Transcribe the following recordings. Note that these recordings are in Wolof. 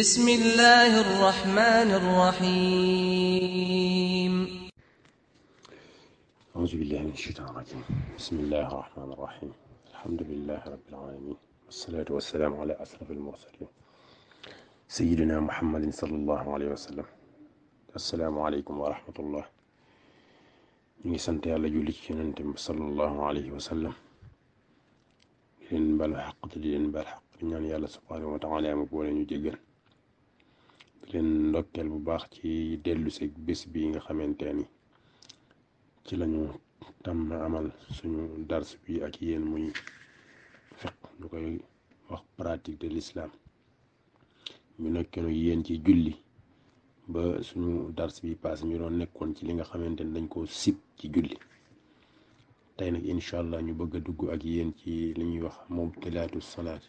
بسم الله الرحمن الرحيم أعوذ بالله من الشيطان الرجيم بسم الله الرحمن الرحيم الحمد لله رب العالمين والصلاة والسلام على أشرف المرسلين سيدنا محمد صلى الله عليه وسلم السلام عليكم ورحمة الله ñu sant yàlla julli ci yonent bi sallallahu alayhi wa sallam di leen baal xaq te di leen baal xaq ñaan leen ndokkeel bu baax ci dellusi bis bi nga xamante ni ci lañu tàmm amal suñu dars bi ak yéen muy fiq ñu koy wax pratique de l'islam ñu nekkoon yéen ci julli ba suñu dars bi passé ñu doon nekkoon ci li nga xamante ni dañ koo sib ci julli tey nag incha allah ñu bëgg a dugg ak yéen ci li ñuy wax mubtilaatu salaat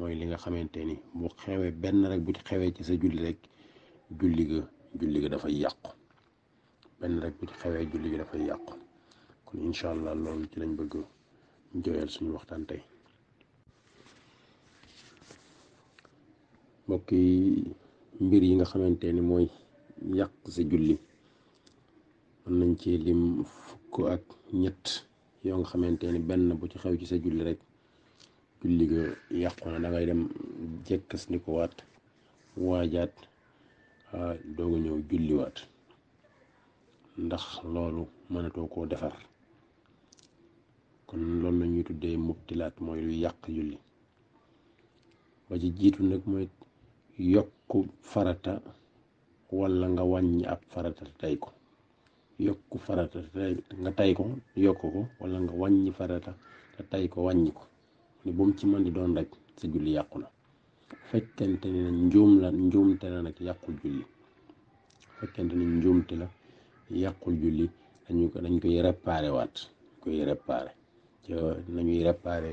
mooy li nga xamante ni bu xewee benn rek bu ci xewee ci sa julli rek julli ga julli ga dafay yàqu benn rek bu ci xewee julli ga dafay yàqu kon incha allah loolu ci lañ bëgg joyal suñu waxtaan tey mbokk yi mbir yi nga xamante ni mooy yàq sa julli mën nañ ci lim fukk ak ñett yoo nga xamante ni benn bu ci xew ci sa julli rek julligo yakkuna dangay e dem jekkas ni ko wat waajaat doogo ñëw julliwaat ndax loolu mënatoo koo defar kon loolu la ñuy tuddee mubtilaat mooy lu yàq julli ba ci jiitu nag mooy yokku farata wala nga wàññi ab farata tey ko yokku farata nga tey ko yokk ko wala nga wàññi farata te tey ko wàññi ko ni bu ci man di doon rek sa julli yàqu na fekkente ne njuum la njuumte la nag yàqu julli fekkente ne la yàqul julli dañu ko dañ koy réparé waat koy réparé ci nañuy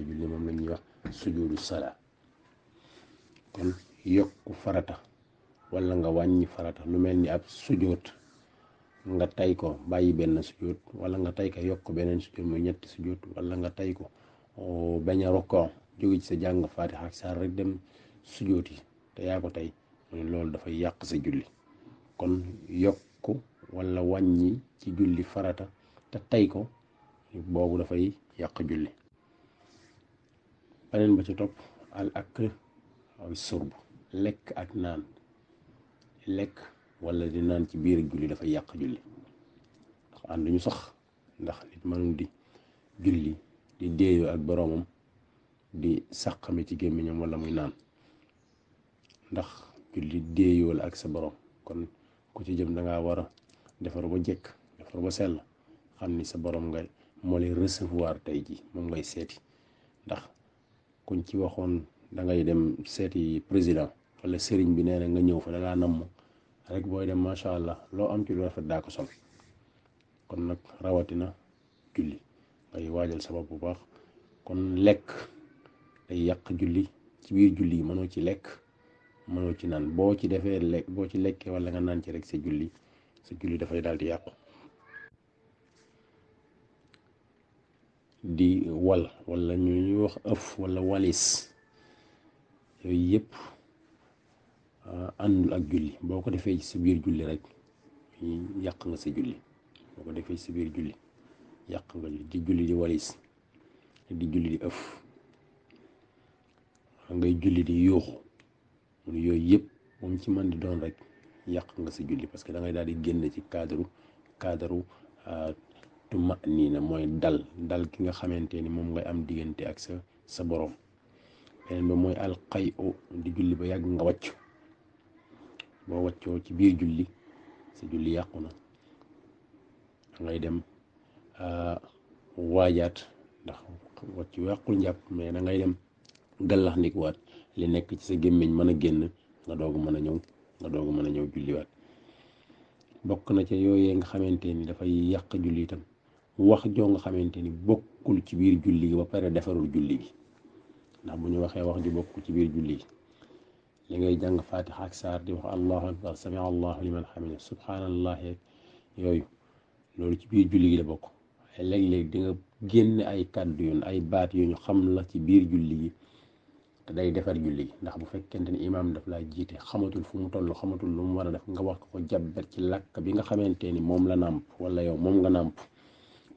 julli moom lañuy wax sujudu sala kon yokku farata wala nga wàññi farata lu mel ni ab sujoot nga tey ko bàyyi benn sujoot wala nga tey ko yokk beneen sujoot muy ñetti sujoot wala nga tay ko bañ a rokkoo jóge ci sa jàng faatixa ak saar rek dem sujooti te yaa ko tey mu ne loolu dafay yàq sa julli kon yokk walla wàññi ci julli farata te tey ko boobu dafay yàq julli beneen ba ci topp al akl aw surb lekk ak naan lekk walla di naan ci biir ak julli dafay yàq julli ndax ànduñu sax ndax nit mënul di julli di déeyoo ak boromam di sàqami ci gémmiñam wala muy naan ndax julli déeyoo ak sa borom kon ku ci jëm da nga wara defar ba jekk defar ba sel xamni ni sa borom ngay mo lay recevoir tay ji mo ngay seti ndax kuñ ci waxon da ngay dem seti president wala serigne bi neena nga ñew fa da ngaa nam rek boy dem macha allah am ci lu rafet da ko sol kon rawati rawatina julli day waajal sabab bu baax kon lekk day yàq julli ci biir julli yi mënoo ci lekk mënoo ci naan boo ci defee lekk boo ci lekkee wala nga naan ci rek sa julli sa julli dafay daal di yàqu di wal wala ñu ñuy wax ëf wala walis yooyu yépp àndul ak julli boo ko defee ci sa biir julli rek yàq nga sa julli boo ko defee ci sa biir julli yàq nga di julli di walis di julli di ëf ngay julli di yuuxu mu ne yooyu yëpp moom ci man di doon rek yàq nga sa julli parce que da ngay daal di génn ci cadre cadre euh, nii na mooy dal dal ki nga xamante ni moom ngay am diggante ak sa sa borom beneen ba mooy alqay o di julli ba yàgg nga wàcc boo wàccoo ci biir julli sa julli yàqu na ngay dem Euh, waajaat ndax wat ci wàqul njàpp mais da dem gallax ndikuwaat li nekk ci sa gémmiñ mën a génn nga doogu mën a ñëw nga doogu mën a ñëw julliwaat bokk na ca yooyee nga xamante ni dafay yàq julli itam wax joo nga xamante ni bokkul ci biir julli gi ba pare defarul julli gi ndax bu ñu waxee wax ju bokkul ci biir julli gi li ngay jàng fatiha ak saar di wax allahu akbar sami allahu liman hamida subhaanallahi yooyu loolu ci biir julli gi la bokk léeg-léeg di nga génne ay kàddu yoon ay baat yu ñu xam la ci biir julli yi te day defar julli gi ndax bu fekkente ni imaam daf laa jiite xamatul fu mu toll xamatul lu mu war a def nga wax ko jàbbat ci làkk bi nga xamante ni moom la nàmp wala yow moom nga nàmp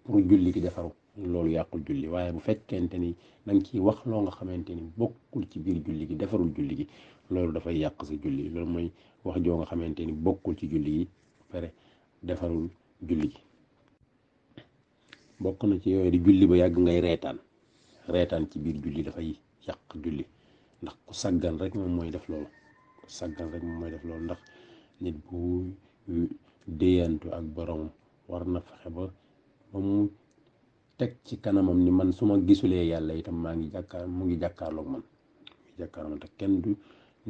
pour julli gi defaru loolu yàqul julli waaye bu fekkente ni da ciy wax loo nga xamante ni bokkul ci biir julli gi defarul julli gi loolu dafay yàq sa julli loolu mooy wax joo nga xamante ni bokkul ci julli gi pare defarul julli gi bokk na ci yoy di julli ba yag ngay retan retan ci bir julli dafay yak julli ndax ku saggan rek mom moy def loolu ku saggan rek mom moy def loolu ndax nit bu deyantu ak borom war na fexe ba ba mu ci kanamam ni man suma gisule yalla itam ma ngi jakkar mu ngi jàkkaarloog man mu ngi kenn du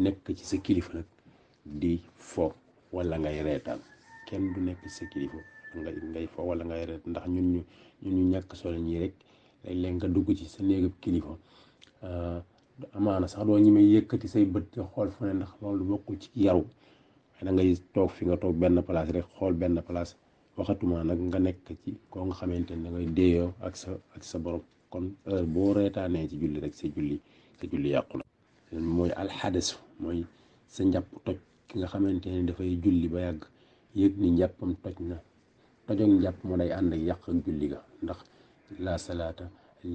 nekk ci sa kilifa di fo wala ngay retan kenn du nekk ci sa kilifa ngay ngay ngay ret ndax ñun ñu ñun ñu ñàkk solo ñii rek léeg-léeg nga dugg ci sa néegab kilifa ah, amaana sax doo ñi may yëkkati say bët di xool fa ne ndax loolu bokkul ci yaru waaye da ngay toog fi nga toog benn place xool benn place waxatuma nag nga nekk ci koo nga xamante ne da ngay déeyoo ak sa ak sa borom kon heure boo reetaanee ci julli rek sa julli sa julli yàqu na mooy alxadesu mooy sa njàpp toj ki nga xamante ne dafay julli ba yàgg yëg ni njàppam toj na dajog njàpp mu day ànd ak yàq ak julli ndax la salaata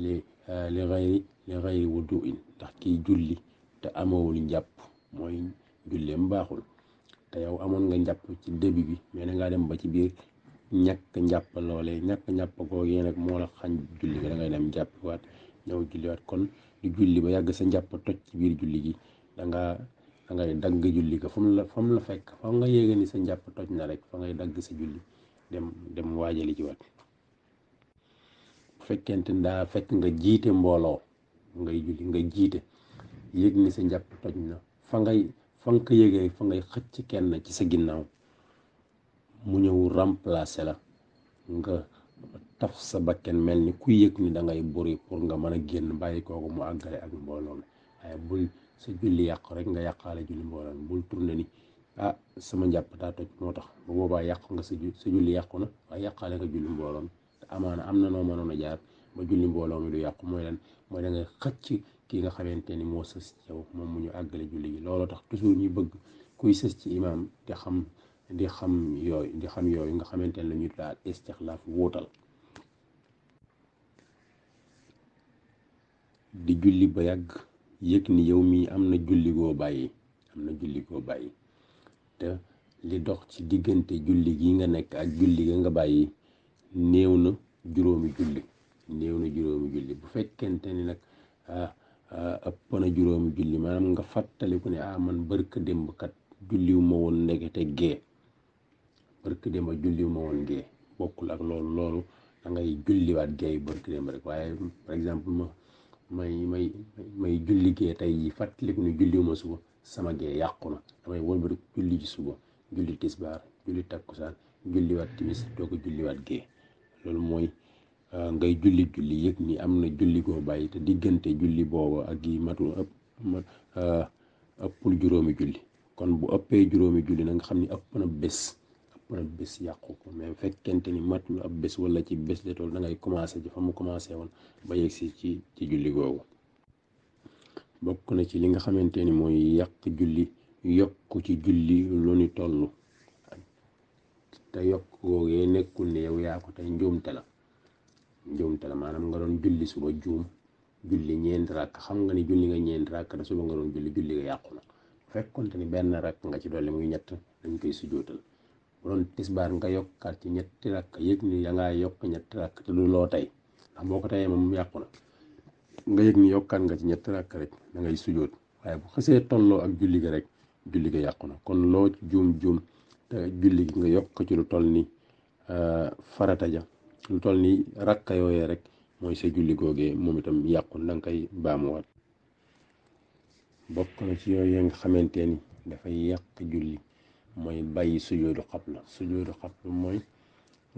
li euh, li xayri li xayri wudu in ndax kii julli te amawul njàpp mooy julleem baaxul te yow amoon nga njàpp ci début bi mais na ngaa dem ba ci biir ñàkk njàpp loolee ñàkk njàpp googee nag moo la xañ julli ga da ngay dem jàppiwaat ñëw julliwaat kon di julli ba yàgg sa njàpp toj ci biir julli gi da nga dagg julli ga fa la fa la fekk fa nga yegee ni sa njàpp toj na rek fa ngay dagg sa julli dem dem waajali ci wat bu fekkente ndaa fekk nga jiite mbooloo ngay julli nga jiite yëg ni sa njàpp toj na fa ngay fa nga ko yëgee fa ngay xëcc kenn ci sa ginnaaw mu ñëw remplacer la nga taf sa bakken mel ni ku yëg ni da ngay buri pour nga mën a génn bàyyi kooku mu àggale ak mbooloo waaye bul sa julli yàqu rek nga yàqaale julli mbooloo mi bul tourné ni ah sama njàpp toj moo tax ba boobaa yàqu nga sa ju sa julli yàqu na waaye yàqaale nga julli mbooloo te amaana am na noo mënoon a jaar ba julli mbooloo mi du yàqu mooy lan mooy da ngay xëcc ki nga xamante ni moo sës ci yow moom mu ñu àggale julli gi looloo tax toujours ñu bëgg kuy sës ci imaam te xam di xam yooyu di nga xamante ne la ñuy daal istixlaaf wóotal di julli ba yàgg yëg ni yow mii am na julli goo bàyyi am na julli goo bàyyi te li dox ci diggante julli gi nga nekk ak julli ga nga bàyyi néew na juróomi julli néew na juróomi julli bu fekkente ni nag ah, ah, ëpp na juróomi julli maanaam nga fàttaliku ne ah man bërka démb kat julliw ma woon ndekete gee bërka démb julliw ma woon bokkul ak loolu loolu da ngay julliwaat gee bërka démb rek waaye par exemple ma may may may julli gee tey ji fàttaliku ne julliw ma suba sama gee yàqu na damay wëlbati julli ji suba julli tisbaar julli takkusaan julliwaat timis doo ko julliwaat gee loolu mooy euh, ngay julli julli yëg ni am na julli goo bàyyi te diggante julli booba ak yi matul ëpp euh, ëppul juróomi julli kon bu ëppee juróomi julli na nga xam ni ëpp na bés ëpp na bés yàqu ko mais fekkente ni matul ab bés wala ci bés la tool da ngay commencé ji fa mu commencé woon ba yegg si ci ci julli googu bokku na ci li nga xamanteni moy yak julli yokk ci julli lu ni tollu te yok googee nekkul ne yow ya ko tay njuumte la njuumte la manam nga don julli suba jum julli ñeenti rak xam nga ni julli nga ñeenti rak da suba nga don julli julli ga yàqu na tani ni benn rakk nga ci dolle muy ñett dañ koy sujootal bu don tisbar nga yokkaat ci ñett rak yek ni ya nga yok ñett rak te du lo tay ndax boko tay mom nga yëg ni yokkaat nga ci ñett rakk rek da ngay sujoot waaye bu xasee tolloo ak julli ga rek julli ga yàqu na kon loo ci juum juum julli gi nga yokk ci lu toll ni euh, farata ja lu toll ni rakka yooyee rek mooy sa julli googee moom itam yàqu na nga koy baamuwaat bokk na ci yooyee nga xamante ni dafay yàq julli mooy bàyyi sujoodu xabla sujoodu xabla mooy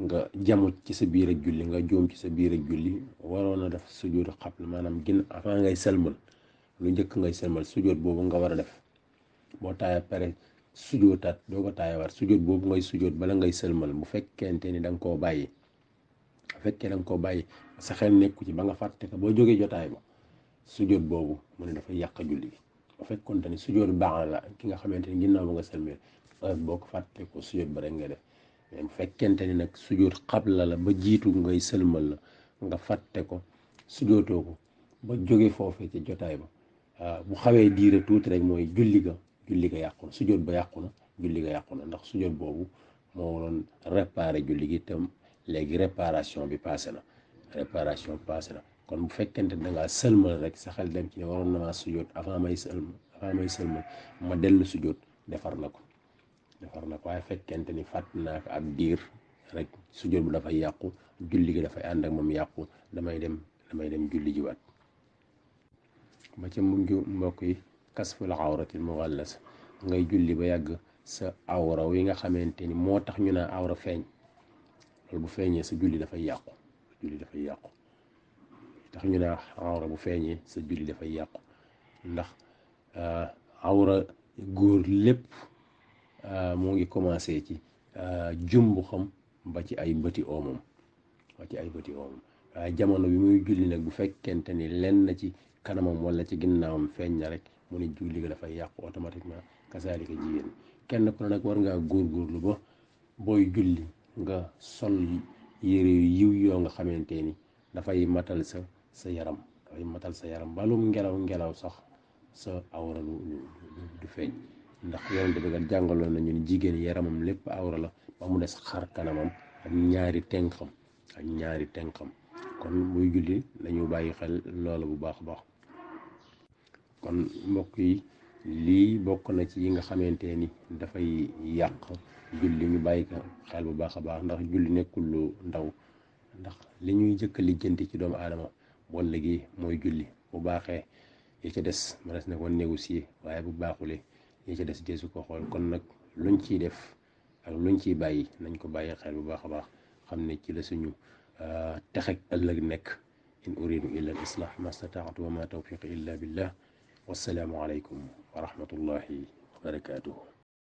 nga jamut ci sa biir ak julli nga joom ci sa biir ak julli waroon a def sujjóot xabla maanaam gin avant ngay selmal lu njëkk ngay selmal sujjóot boobu nga war a def boo taaya pare sujjóotaat doo ko taaya war sujjóot boobu ngay sujjóot bala ngay selmal bu fekkente ni da koo bàyyi bu fekkee da koo bàyyi sa xel nekku ci ba nga fàtte ko boo jógee jotaay ba sujjóot boobu mu ne dafay yàq julli gi bu fekkoon te ni sujjóot baax la ki nga xamante ni ginnaaw ba nga selmal boo ko fàtte ko sujjóot ba rek nga def même fekkente ni nag sujjóot xabla la ba jiitu ngay sëlmal la nga fàtte ko sujjóotoo ko ba jóge foofee ci jotaay ba ah, bu xawee diire tuuti rek mooy julli ga julli ga yàqu na ba yàqu na julli ga yàqu na ndax sujjóot boobu moo waroon réparer julli gi tam léegi réparation bi passé na réparation passé na kon bu fekkente ni da ngaa sëlmal rek sa xel dem ci waroon na maa sujjóot avant may sëlmal may sëlmal ma dellu sujjóot defar na ko defar na ko fekkente ni fàtt naa ko ab diir rek sujjóot bu dafay yàqu julli gi dafay ànd ak moom yàqu damay dem damay dem julli jiwaat ba ca mujj mbokk yi kasful awratil mughallas ngay julli ba yàgg sa awra yi nga xamante ni moo tax ñu naa awra feeñ loolu bu feeñee sa julli dafay yàqu julli dafay yàqu tax ñu naa awra bu feeñee sa julli dafay yàqu ndax ah, awra góor lépp Euh, moo ngi commencé ci euh, jumbu xam ba ci ay bëti oomam ba ci ay bëti oomam waaye jamono bi muy julli nag bu fekkente ni lenn na ci kanamam wala ci ginnaawam feeñ na rek mu ne julli dafay yàqu automatiquement kasaalika jigéen kenn ku ne nag war ngaa góorgóorlu ba booy julli nga sol yére yu yiw yoo nga xamante ni dafay matal sa sa yaram dafay matal sa yaram balum ngelaw ngelaw sax sa awra du feeñ ndax yonente bi jàngaloon nañu ne jigéen yaramam lépp awra la ba mu des xar kanamam ak ñaari tenqam ak ñaari tenqam kon muy julli lañu bàyyi xel loola bu baax a baax kon mbokk yi lii bokk na ci yi nga xamante ni dafay yàq julli ñu bàyyi ko bu baax a baax ndax julli nekkul lu ndaw ndax li ñuy jëkk lijjante ci doomu aadama walla gi mooy julli bu baaxee yi ca des mënees na ko négocier waaye bu baaxulee yi ca des deesu ko xool kon nag luñ ciy def ak luñ ciy bàyyi nañ ko bàyyi xel bu baax a baax xam ne ci la suñu euh, texek ëllëg nekk in uridu illa al islah ma stataatu wa ma tawfiqi illa billah wassalaamu aleykum wa rahmatullahi wa barakatuhu